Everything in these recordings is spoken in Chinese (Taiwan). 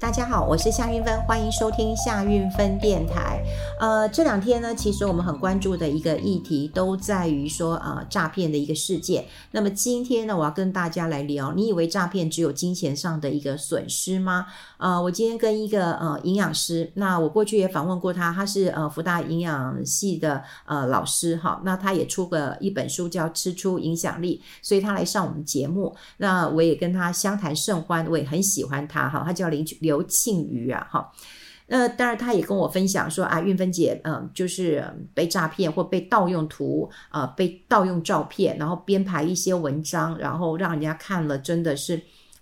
大家好，我是夏韻芬，歡迎收聽夏韻芬電台。呃，這兩天呢，其實我們很關注的一個議題，都在於說啊、呃，詐騙的一個事件。那麼今天呢，我要跟大家來聊，你以為詐騙只有金錢上的一個損失嗎？啊、呃，我今天跟一個呃營養師，那我過去也訪問過他，他是呃福大營養系的呃老師哈，那他也出過一本書叫《吃出影響力》，所以他來上我們節目，那我也跟他相談甚歡，我也很喜歡他哈，他叫林俊林。劉慶宇啊，哈，呃，當然他也跟我分享說啊，韻芬姐，嗯，就是被詐騙或被盜用圖，啊、呃，被盜用照片，然後編排一些文章，然後讓人家看了，真的是，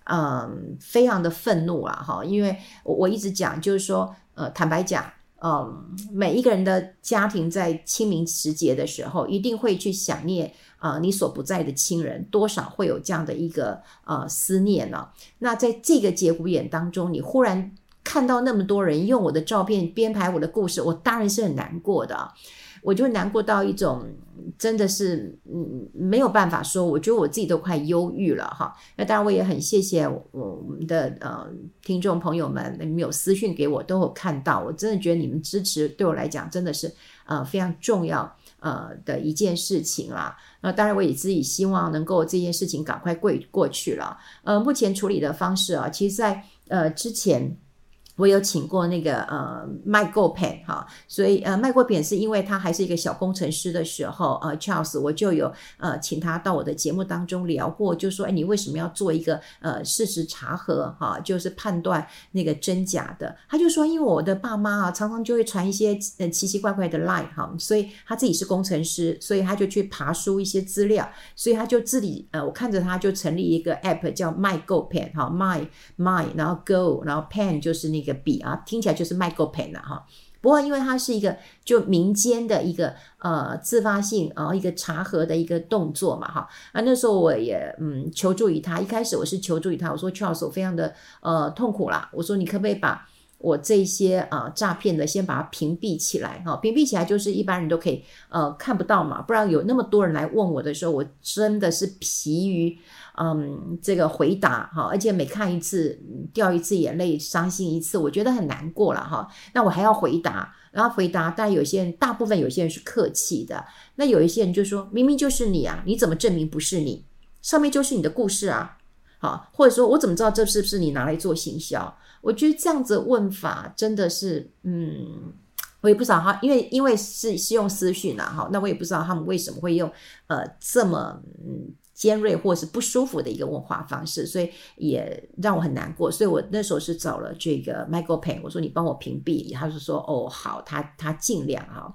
嗯、呃，非常的憤怒了，哈，因為我我一直講，就是說，呃，坦白講。嗯，每一個人的家庭在清明時節的時候，一定會去想念啊，呃，你所不在的親人，多少會有這樣的一個呃思念呢，啊？那在這個節骨眼當中，你忽然看到那麼多人用我的照片編排我的故事，我當然是很難過的。我就難過到一種，真的是嗯沒有辦法說，我覺得我自己都快憂鬱了哈。那當然，我也很謝謝我們的呃聽眾朋友們，你們有私訊給我，都有看到，我真的覺得你們支持對我來講真的是呃非常重要呃的一件事情啦。那當然，我也自己希望能夠這件事情趕快過過去了。呃，目前處理的方式啊，其實在呃之前。我有請過那個呃，My Go Pen 哈，所以呃，My Go Pen 是因為他還是一個小工程師的時候，呃，Charles 我就有呃，請他到我的節目當中聊過，就說哎，你為什麼要做一個呃事實查核哈，就是判斷那個真假的？他就說，因為我的爸媽啊，常常就會傳一些、呃、奇奇怪怪的 Line 哈，所以他自己是工程師，所以他就去爬梳一些資料，所以他就自己呃，我看着他就成立一個 app 叫 My Go Pen 哈，My My 然後 Go 然後 Pen 就是那個。個筆啊，聽起來就是 Michael Pen 哈。不過，因為它是一個就民間的一個呃自發性啊，呃、一個查核的一個動作嘛哈。那、啊，那時候我也嗯求助於他，一開始我是求助於他，我說 Charles，我非常的呃痛苦啦，我說你可不可以把。我這些啊詐騙的，先把它屏蔽起來哈。屏蔽起來就是一般人都可以呃看不到嘛，不然有那麼多人來問我的時候，我真的是疲於嗯這個回答哈。而且每看一次掉一次眼淚，傷心一次，我覺得很難過了哈。那我還要回答，然後回答，但有些人大部分有些人是客氣的，那有一些人就說明明就是你啊，你怎麼證明不是你？上面就是你的故事啊。好，或者說我怎麼知道這是不是你拿來做行銷？我覺得這樣子的問法真的是，嗯，我也不知道哈，因為因為是是用私訊啦、啊，好，那我也不知道他們為什麼會用呃這麼嗯。尖銳或是不舒服的一個問話方式，所以也讓我很難過。所以我那時候是找了這個 Michael Payne，我說你幫我屏蔽，他就說哦好，他他盡量啊。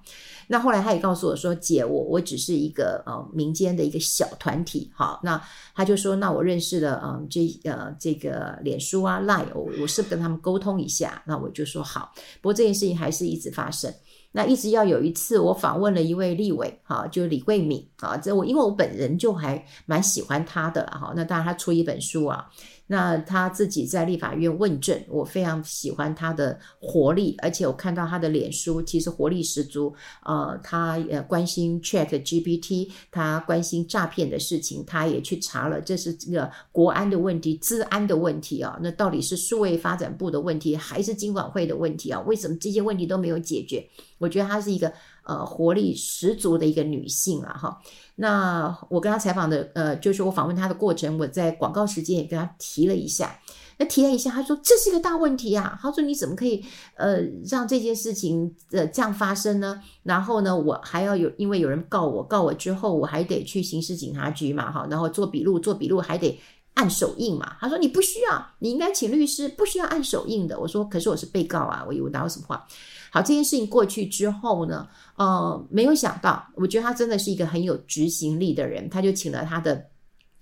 那後來他也告訴我說姐我我只是一個呃民間的一個小團體好，那他就說那我認識了嗯、呃、這呃這個臉書啊、Line，我我是跟他們溝通一下，那我就說好。不過這件事情還是一直發生。那一直要有一次，我訪問了一位立委、啊，哈，就是李貴敏，啊，這我因為我本人就還蠻喜歡他的、啊，哈。那當然他出一本書啊，那他自己在立法院問政，我非常喜歡他的活力，而且我看到他的臉書其實活力十足，啊、呃，他呃關心 Chat GPT，他關心詐騙的事情，他也去查了，這是這個國安的問題、治安的問題啊，那到底是數位發展部的問題還是金管會的問題啊？為什麼這些問題都沒有解決？我覺得她是一個呃活力十足的一個女性啊。哈。那我跟她採訪的呃，就是我訪問她的過程，我在廣告時間也跟她提了一下。那提了一下，她說這是一個大問題啊。她說你怎麼可以呃讓這件事情呃這樣發生呢？然後呢，我還要有因為有人告我，告我之後我還得去刑事警察局嘛哈，然後做筆錄，做筆錄還得。按手印嘛。他說，你不需要，你應該請律師，不需要按手印的。我說，可是我是被告啊，我有哪有什麼話？好，這件事情過去之後呢，呃，沒有想到，我覺得他真的是一個很有執行力的人，他就請了他的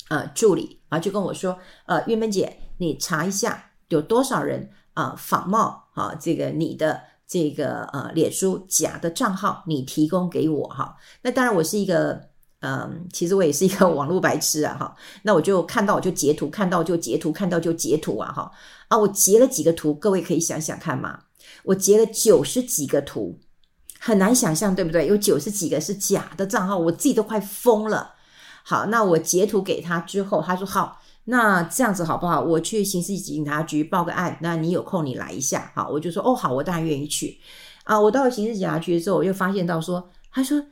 呃助理啊，就跟我說，呃，韻芬姐，你查一下有多少人啊、呃、仿冒啊、哦、這個你的這個呃臉書假的賬號，你提供給我哈、哦。那當然，我是一個。嗯，其實我也是一個網絡白痴啊，哈，那我就看到我就截圖，看到就截圖，看到就截圖啊，哈啊，我截了幾個圖，各位可以想想看嘛，我截了九十幾個圖，很難想象，對不對？有九十幾個是假的賬號，我自己都快瘋了。好，那我截圖給他之後，他說好，那這樣子好不好？我去刑事警察局報個案，那你有空你來一下哈，我就說哦，好，我當然願意去啊。我到了刑事警察局之後，我就發現到說，他說，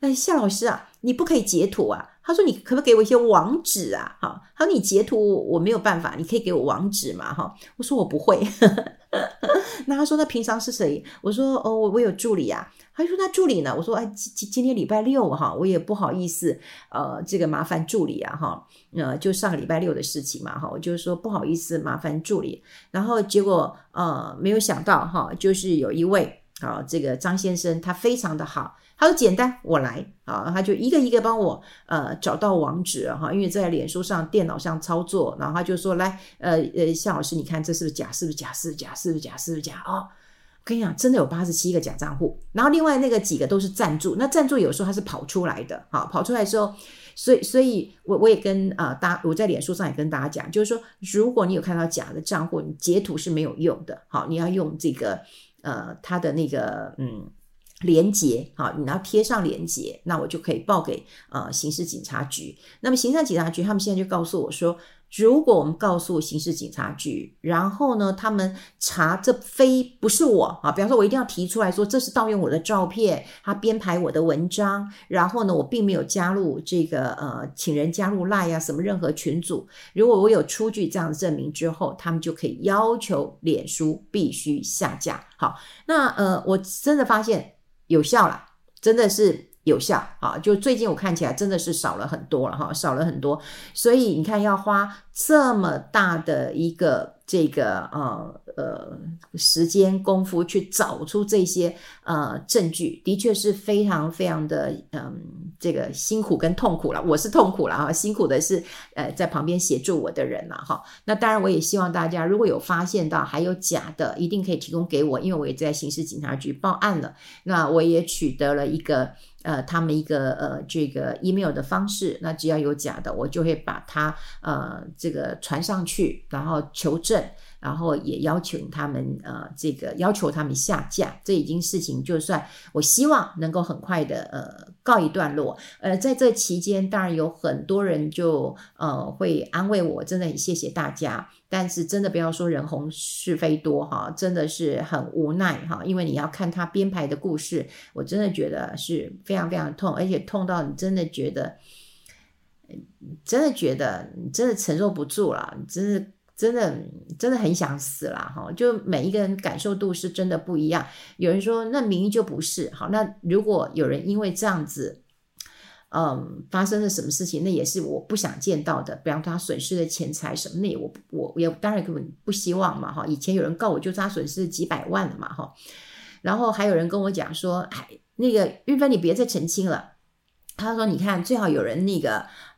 哎，夏老師啊，你不可以截圖啊！他說：“你可不可以給我一些網址啊？”哈，他說：“你截圖我沒有辦法，你可以給我網址嘛？”哈，我說：“我不會。 ”那他說：“那平常是誰？”我說：“哦，我我有助理啊。”他說：“那助理呢？”我說：“哎，今今天禮拜六哈，我也不好意思，呃，這個麻煩助理啊，哈，呃，就上個禮拜六的事情嘛，哈，我就是說不好意思，麻煩助理。然後結果呃，沒有想到哈，就是有一位。啊，這個張先生他非常的好，他說簡單我來啊，他就一個一個幫我呃找到網址哈，因為在臉書上電腦上操作，然後他就說，來呃呃夏老師你看這是是不是假是不是假是假是不是假是不是假啊、哦？我跟你講真的有八十七個假賬戶，然後另外那個幾個都是贊助，那贊助有時候它是跑出來的，好，跑出來的時候，所以所以我我也跟啊大、呃、我在臉書上也跟大家講，就是說如果你有看到假的賬戶，你截圖是沒有用的，好，你要用這個。呃，他的那個嗯，連結好，你要貼上連結，那我就可以報給呃刑事警察局。那麼刑事警察局他們現在就告訴我說。如果我們告訴刑事警察局，然後呢，他們查這非不是我啊，比方說，我一定要提出來說，這是盜用我的照片，他編排我的文章，然後呢，我並沒有加入這個呃，請人加入 LINE 呀、啊、什麼任何群組。如果我有出具這樣的證明之後，他們就可以要求臉書必須下架。好，那呃，我真的發現有效了，真的是。有效啊！就最近我看起來真的是少了很多了哈，少了很多。所以你看，要花這麼大的一個這個呃呃時間功夫去找出這些呃證據，的確是非常非常的嗯，這個辛苦跟痛苦了。我是痛苦了啊，辛苦的是呃在旁邊協助我的人了哈。那當然，我也希望大家如果有發現到還有假的，一定可以提供給我，因為我也在刑事警察局報案了。那我也取得了一個。呃，他們一個呃，這個 email 的方式，那只要有假的，我就會把它呃，這個傳上去，然後求證。然後也要求他們，呃，這個要求他們下架，這已經事情就算。我希望能夠很快的，呃，告一段落。呃，在這期間，當然有很多人就，呃，會安慰我，真的謝謝大家。但是真的不要說人紅是非多哈，真的是很無奈哈，因為你要看他編排的故事，我真的覺得是非常非常痛，嗯、而且痛到你真的覺得，真的覺得你真的承受不住了，你真的。真的真的很想死啦，哈！就每一個人感受度是真的不一樣。有人說那名義就不是好。那如果有人因為這樣子，嗯，發生了什麼事情，那也是我不想見到的。比方說他損失了錢財什麼，那也我我我也當然也根本不希望嘛哈。以前有人告我，就是他損失幾百萬了嘛哈。然後還有人跟我講說，哎，那個韻芬你別再澄清了。他說你看最好有人那個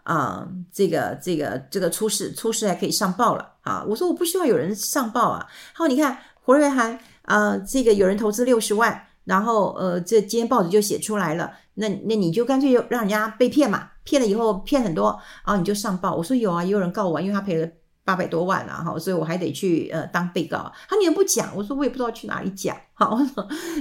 啊、呃，這個這個這個出事出事還可以上報了。啊！我說我不希望有人上報啊。他說：“你看，胡瑞涵啊，這個有人投資六十萬，然後呃，這今天報紙就寫出來了。那那你就乾脆就讓人家被騙嘛，騙了以後騙很多，啊，你就上報。”我說：“有啊，也有，有人告我，因為他賠了。”八百多萬啦，哈，所以我還得去呃當被告。他、你、也不講，我說我也不知道去哪裡講好，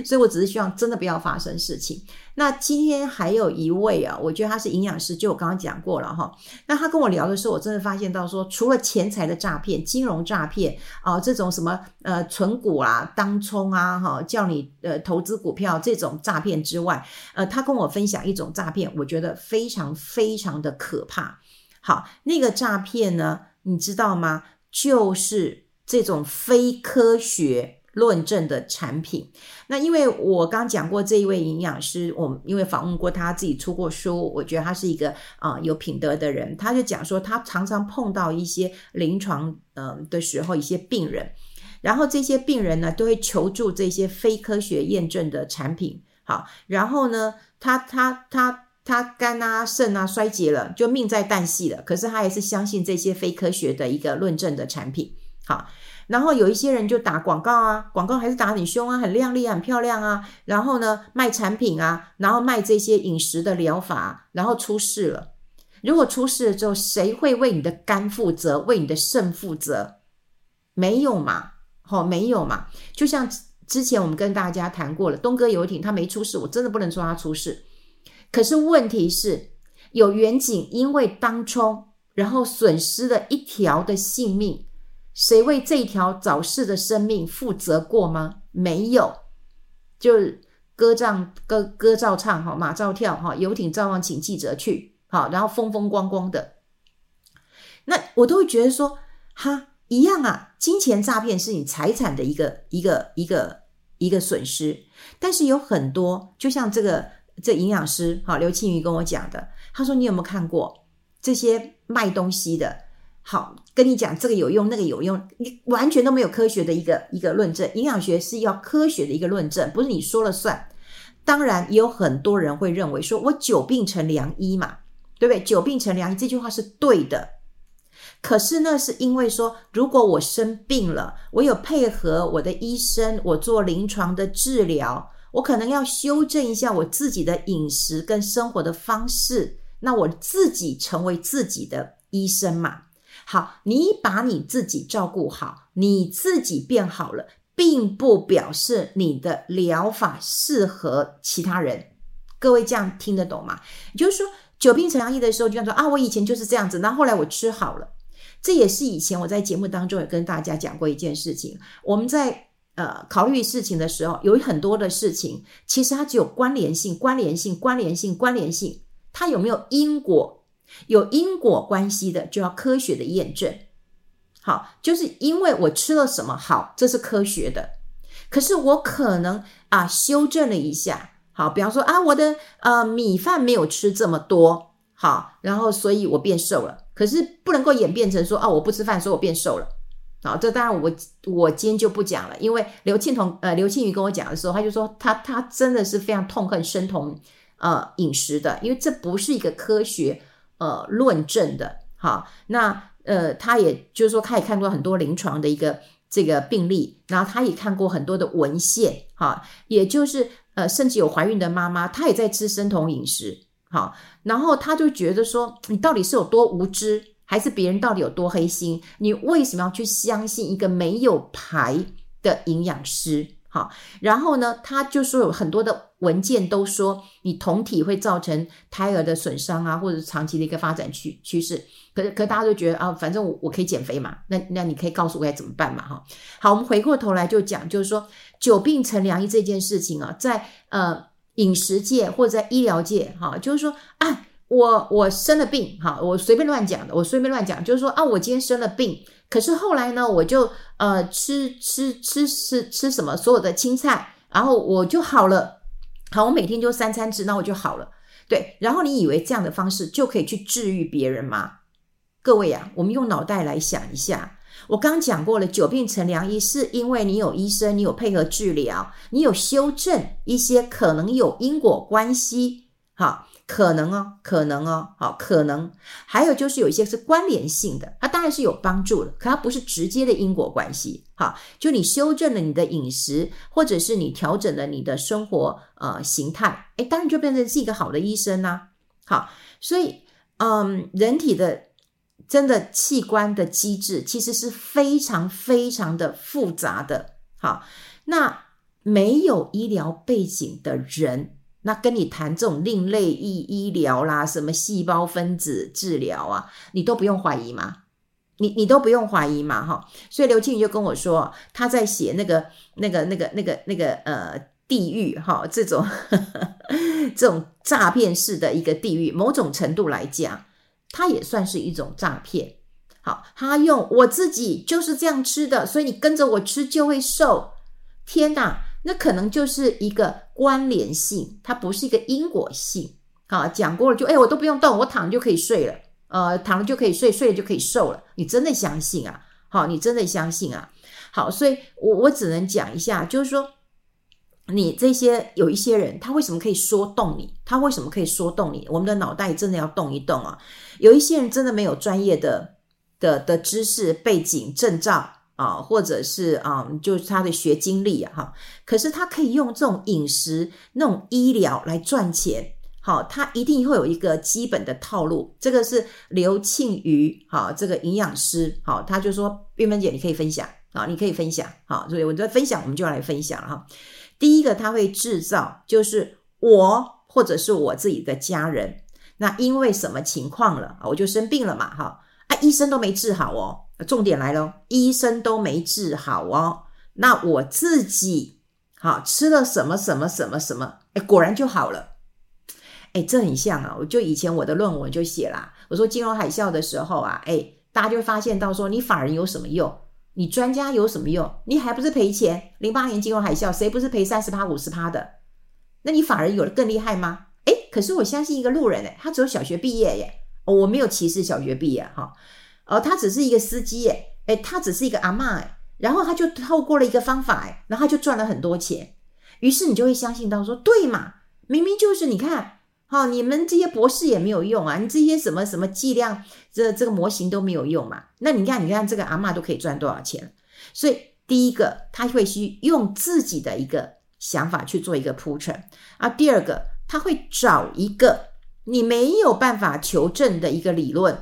所以我只是希望真的不要發生事情。那今天還有一位啊，我覺得他是營養師，就我剛剛講過了哈、哦。那他跟我聊的時候，我真的發現到說，除了錢財的詐騙、金融詐騙啊、哦，這種什麼呃存股啊、當沖啊哈、哦，叫你呃投資股票這種詐騙之外，呃，他跟我分享一種詐騙，我覺得非常非常的可怕。好，那個詐騙呢？你知道嗎？就是這種非科學論證的產品。那因為我剛講過這一位營養師，我因為訪問過他自己出過書，我覺得他是一個啊、呃、有品德的人。他就講說，他常常碰到一些臨床嗯、呃、的時候，一些病人，然後這些病人呢都會求助這些非科學驗證的產品。好，然後呢，他他他。他他肝啊、腎啊衰竭了，就命在旦夕了。可是他還是相信這些非科學的一個論證的產品。好，然後有一些人就打廣告啊，廣告還是打很兇啊、很亮麗啊、很漂亮啊。然後呢，賣產品啊，然後賣這些飲食的療法啊，然後出事了。如果出事了之後，誰會為你的肝負責？為你的腎負責？沒有嘛。好，沒有嘛。就像之前我們跟大家談過了，東哥遊艇他沒出事，我真的不能說他出事。可是問題是有遠景，因為當沖，然後損失了一條的性命，誰為這一條早逝的生命負責過嗎？沒有，就歌唱歌歌照唱哈，馬照跳哈，遊艇照樣，請記者去哈，然後風風光光的。那我都會覺得說，哈，一樣啊，金錢詐騙是你財產的一個一個一個一個損失，但是有很多，就像這個。這營養師，好，劉慶余跟我講的，他說：“你有沒有看過這些賣東西的？好，跟你講這個有用，那個有用，你完全都沒有科學的一個一個論證。營養學是要科學的一個論證，不是你說了算。當然，也有很多人會認為說，我久病成良醫嘛，對不對？久病成良醫這句話是對的，可是那是因為說，如果我生病了，我有配合我的醫生，我做臨床的治療。”我可能要修正一下我自己的飲食跟生活的方式，那我自己成為自己的醫生嘛。好，你把你自己照顧好，你自己變好了，並不表示你的療法適合其他人。各位這樣聽得懂嗎？也就是說，久病成良醫的時候，就像說啊，我以前就是這樣子，然後，後來我吃好了。這也是以前我在節目當中也跟大家講過一件事情，我們在。呃，考慮事情的時候，有很多的事情，其實它只有關聯性，關聯性，關聯性，關聯性。它有沒有因果？有因果關係的，就要科學的驗證。好，就是因為我吃了什麼好，這是科學的。可是我可能啊，修正了一下。好，比方說啊，我的呃米飯沒有吃這麼多，好，然後所以我變瘦了。可是不能夠演變成說，哦、啊，我不吃飯，所以我變瘦了。好，這當然我我今天就不講了，因為劉慶彤呃劉慶宇跟我講的時候，他就說他他真的是非常痛恨生酮呃飲食的，因為這不是一個科學呃論證的。好，那呃他也就是說他也看過很多臨床的一個這個病例，然後他也看過很多的文獻。好，也就是呃甚至有懷孕的媽媽，她也在吃生酮飲食。好，然後他就覺得說你到底是有多無知？還是別人到底有多黑心？你為什麼要去相信一個沒有牌的營養師？哈，然後呢，他就說有很多的文件都說你酮體會造成胎兒的損傷啊，或者長期的一個發展趨趨勢。可是，可是大家都覺得啊，反正我我可以減肥嘛。那那你可以告訴我該怎麼辦嘛？哈，好，我們回過頭來就講，就是說久病成良醫這件事情啊，在呃飲食界或者在醫療界，哈，就是說啊。我我生了病，哈，我隨便亂講的，我隨便亂講，就是說啊，我今天生了病，可是後來呢，我就呃吃吃吃吃吃什麼所有的青菜，然後我就好了，好，我每天就三餐吃，那我就好了，對。然後你以為這樣的方式就可以去治癒別人嗎？各位呀、啊，我們用腦袋來想一下，我剛講過了，久病成良醫，是因為你有醫生，你有配合治療，你有修正一些可能有因果關係，哈。可能哦，可能哦，好，可能，還有就是有一些是關聯性的，它當然是有幫助的，可它不是直接的因果關係。好，就你修正了你的飲食，或者是你調整了你的生活呃形態，哎，當然就變成是一個好的醫生啦、啊。好，所以嗯、呃，人體的真的器官的機制其實是非常非常的複雜的。好，那沒有醫療背景的人。那跟你談這種另類醫醫療啦，什麼細胞分子治療啊，你都不用懷疑嗎？你你都不用懷疑嗎？哈，所以劉清雲就跟我說，他在寫那個那個那個那個那個呃地獄哈，這種呵呵這種詐騙式的一個地獄，某種程度來講，他也算是一種詐騙。好，他用我自己就是這樣吃的，所以你跟着我吃就會瘦。天哪！那可能就是一個關聯性，它不是一個因果性。好，講過了就欸，我都不用動，我躺了就可以睡了。呃，躺了就可以睡，睡了就可以瘦了。你真的相信啊？好，你真的相信啊？好，所以我我只能講一下，就是說，你這些有一些人，他為什麼可以說動你？他為什麼可以說動你？我們的腦袋真的要動一動啊！有一些人真的沒有專業的的的知識背景證照。症啊，或者是啊，就是他的學經歷啊，哈、啊。可是他可以用這種飲食、那種醫療來賺錢，好、啊，他一定會有一個基本的套路。這個是劉慶瑜。哈、啊，這個營養師，好、啊，他就說：“冰冰姐，你可以分享啊，你可以分享，好、啊，所以我在分享，我們就要來分享哈、啊。第一個，他會製造，就是我或者是我自己的家人，那因為什麼情況了？我就生病了嘛，哈、啊，啊，醫生都沒治好哦。”重點來了，醫生都沒治好哦，那我自己好吃了什麼什麼什麼什麼，誒果然就好了。誒這很像啊，我就以前我的論文就寫啦。我說金融海嘯的時候啊，誒大家就會發現到說，你法人有什麼用？你專家有什麼用？你還不是賠錢？零八年金融海嘯，誰不是賠三十趴、五十趴的？那你法人有了更厲害嗎？誒可是我相信一個路人誒他只有小學畢業耶，哦，我沒有歧視小學畢業哈。哦哦，他只是一個司機誒哎，他只是一個阿嬤哎，然後他就透過了一個方法誒然後他就賺了很多錢，於是你就會相信到說，對嘛，明明就是你看，好、哦，你們這些博士也沒有用啊，你這些什麼什麼計量，這這個模型都沒有用嘛，那你看你看這個阿嬤都可以賺多少錢，所以第一個他會去用自己的一個想法去做一個鋪陳啊，第二個他會找一個你沒有辦法求證的一個理論。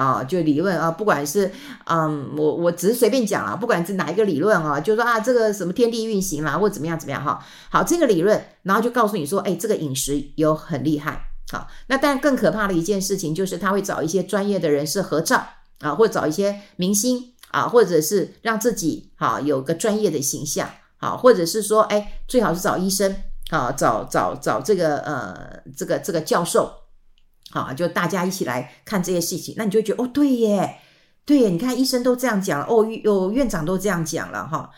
啊，就理論啊，不管是嗯，我我只是隨便講啊，不管是哪一個理論啊，就說啊，這個什麼天地運行啊，或怎麼樣怎麼樣哈、啊。好，這個理論，然後就告訴你說，哎、欸，這個飲食有很厲害。好，那但更可怕的一件事情就是，他會找一些專業的人士合照啊，或者找一些明星啊，或者是讓自己啊有個專業的形象，好、啊，或者是說，哎、欸，最好是找醫生啊，找找找這個呃，這個這個教授。好、啊，就大家一起來看這些事情，那你就會覺得哦，對耶，對耶，你看醫生都這樣講了，哦，有院長都這樣講了哈、哦。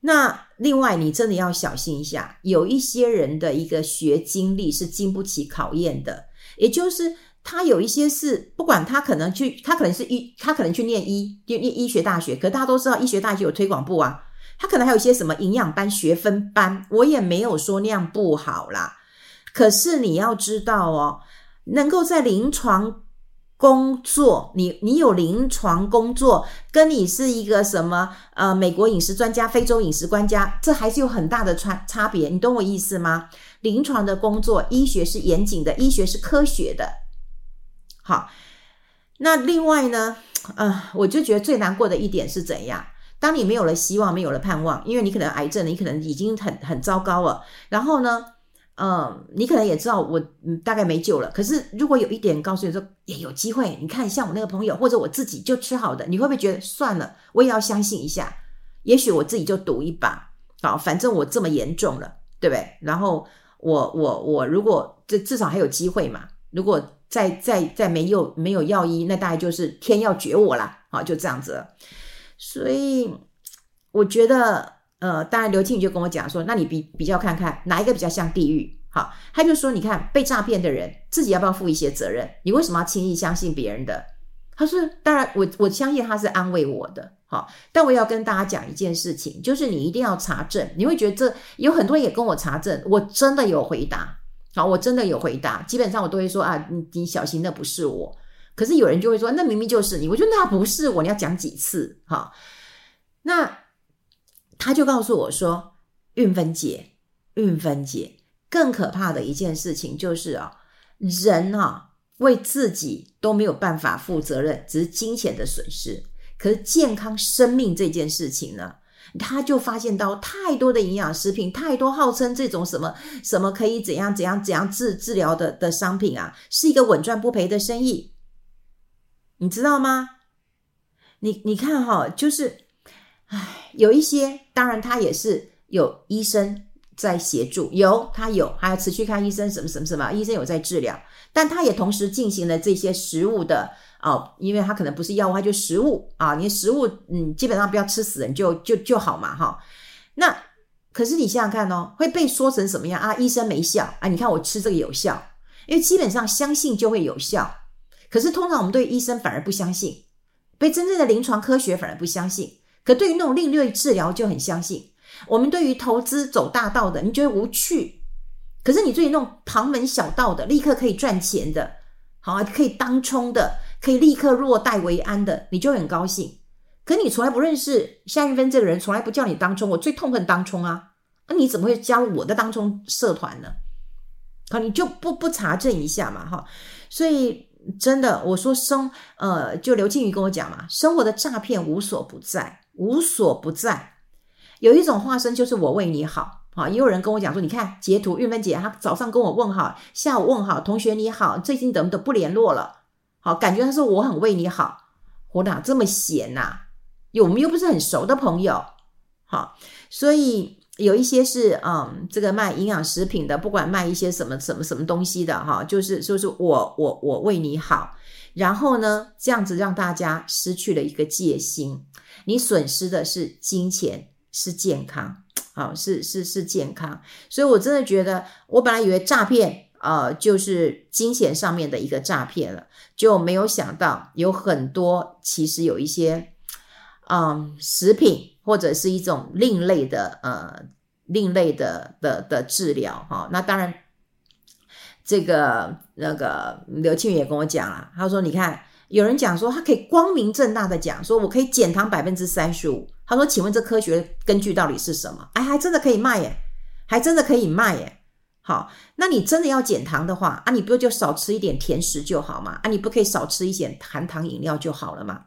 那另外，你真的要小心一下，有一些人的一個學經歷是經不起考驗的，也就是他有一些事不管他可能去，他可能是醫，他可能去念醫，念醫學大學，可大家都知道醫學大學有推廣部啊，他可能還有一些什麼營養班、學分班，我也沒有說那樣不好啦。可是你要知道哦。能夠在臨床工作，你你有臨床工作，跟你是一個什麼？呃，美國飲食專家、非洲飲食專家，這還是有很大的差差別。你懂我意思嗎？臨床的工作，醫學是嚴謹的，醫學是科學的。好，那另外呢，呃，我就覺得最難過的一點是怎樣？當你沒有了希望，沒有了盼望，因為你可能癌症，你可能已經很很糟糕了。然後呢？嗯，你可能也知道我，我、嗯、大概沒救了。可是，如果有一點告訴你說也有機會，你看像我那個朋友或者我自己就吃好的，你會不會覺得算了？我也要相信一下，也許我自己就賭一把。好，反正我這麼嚴重了，對不對？然後我我我如果這至少還有機會嘛。如果再再再沒有沒有藥醫，那大概就是天要絕我啦。好，就這樣子了。所以我覺得。呃，當然，劉慶就跟我講說：“那你比比較看看哪一個比較像地獄？”好，他就說：“你看被詐騙的人自己要不要負一些責任？你為什麼要輕易相信別人的？”他說：“當然，我我相信他是安慰我的。”好，但我要跟大家講一件事情，就是你一定要查證。你會覺得這有很多人也跟我查證，我真的有回答，好，我真的有回答。基本上我都會說：“啊，你你小心，那不是我。”可是有人就會說：“那明明就是你。”我覺得那不是我，你要講幾次？哈，那。他就告訴我說：“韻芬姐，韻芬姐。更可怕的一件事情就是啊、哦，人啊為自己都沒有辦法負責任，只是金錢的損失。可是健康生命這件事情呢，他就發現到太多的營養食品，太多號稱這種什麼什麼可以怎樣怎樣怎樣治治療的的商品啊，是一個穩賺不賠的生意，你知道嗎？你你看哈、哦，就是。”唉，有一些，當然他也是有醫生在協助，有他有還要持續看醫生，什麼什麼什麼，醫生有在治療，但他也同時進行了這些食物的哦，因為他可能不是藥物，他就食物啊，你食物嗯，基本上不要吃死人就就就好嘛哈、哦。那可是你想想看哦，會被說成什麼樣啊？醫生沒效啊？你看我吃這個有效，因為基本上相信就會有效，可是通常我們對醫生反而不相信，對真正的臨床科學反而不相信。可對於那種另類治療就很相信。我們對於投資走大道的，你覺得無趣；可是你對於那種旁門小道的，立刻可以賺錢的，好啊，可以當沖的，可以立刻落袋為安的，你就會很高興。可你從來不認識夏韻芬這個人，從來不叫你當沖，我最痛恨當沖啊！那你怎麼會加入我的當沖社團呢？好，你就不不查證一下嘛，哈！所以真的，我說生呃，就劉靜瑜跟我講嘛，生活的詐騙無所不在。無所不在，有一種化身就是我為你好啊！也有人跟我講說，你看截圖，韻芬姐她早上跟我問好，下午問好，同學你好，最近怎麼都不聯絡了？好，感覺她說我很為你好，我哪這麼閒吶、啊？我們又不是很熟的朋友，好，所以有一些是嗯，這個賣營養食品的，不管賣一些什麼什麼什麼東西的，哈，就是就是我我我為你好，然後呢，這樣子讓大家失去了一個戒心。你損失的是金錢，是健康，好，哦，是是是健康。所以我真的覺得，我本來以為詐騙啊，呃，就是金錢上面的一個詐騙了，就沒有想到有很多其實有一些，嗯，食品或者是一種另類的，呃，另類的的的治療哈，哦。那當然，這個那個劉慶雲也跟我講了，他說你看。有人講說，他可以光明正大的講說，我可以減糖百分之三十五。他說，請問這科學根據到底是什麼？哎，還真的可以賣耶，還真的可以賣耶。好，那你真的要減糖的話，啊，你不就少吃一點甜食就好嗎？啊，你不可以少吃一點含糖飲料就好了嗎？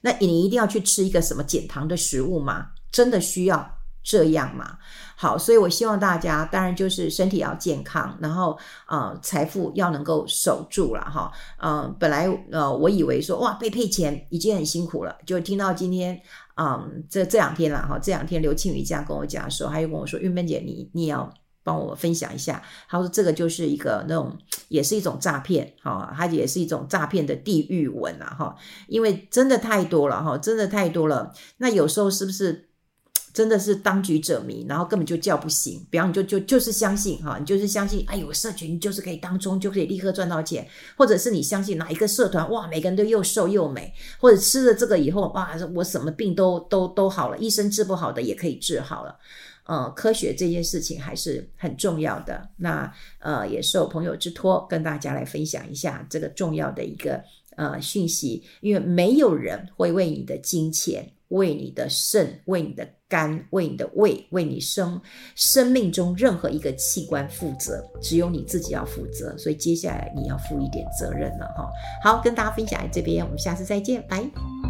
那你一定要去吃一個什麼減糖的食物嗎？真的需要。這樣嘛，好，所以我希望大家當然就是身體要健康，然後呃財富要能夠守住了哈，嗯、呃，本來呃我以為說哇被騙錢已經很辛苦了，就聽到今天啊、嗯、這這兩天了哈，這兩天劉慶宇這樣跟我講的時候，他又跟我說韻芬、嗯、姐你你要幫我分享一下，他說這個就是一個那種也是一種詐騙，哈，他也是一種詐騙的地獄文了、啊、哈，因為真的太多了哈，真的太多了，那有時候是不是？真的是當局者迷，然後根本就叫不醒。比方，你就就就是相信哈，你就是相信，哎，有社群就是可以當中就可以立刻賺到錢，或者是你相信哪一個社團哇，每個人都又瘦又美，或者吃了這個以後哇，我什麼病都都都好了，醫生治不好的也可以治好了。呃，科學這件事情還是很重要的。那呃，也受朋友之托，跟大家來分享一下這個重要的一個呃訊息，因為沒有人會為你的金錢、為你的腎、為你的。肝，為你的胃，為你生生命中任何一個器官負責，只有你自己要負責。所以接下來你要負一點責任了哈。好，跟大家分享在這邊，我們下次再見，拜拜。